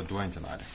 pavaduojantį narį.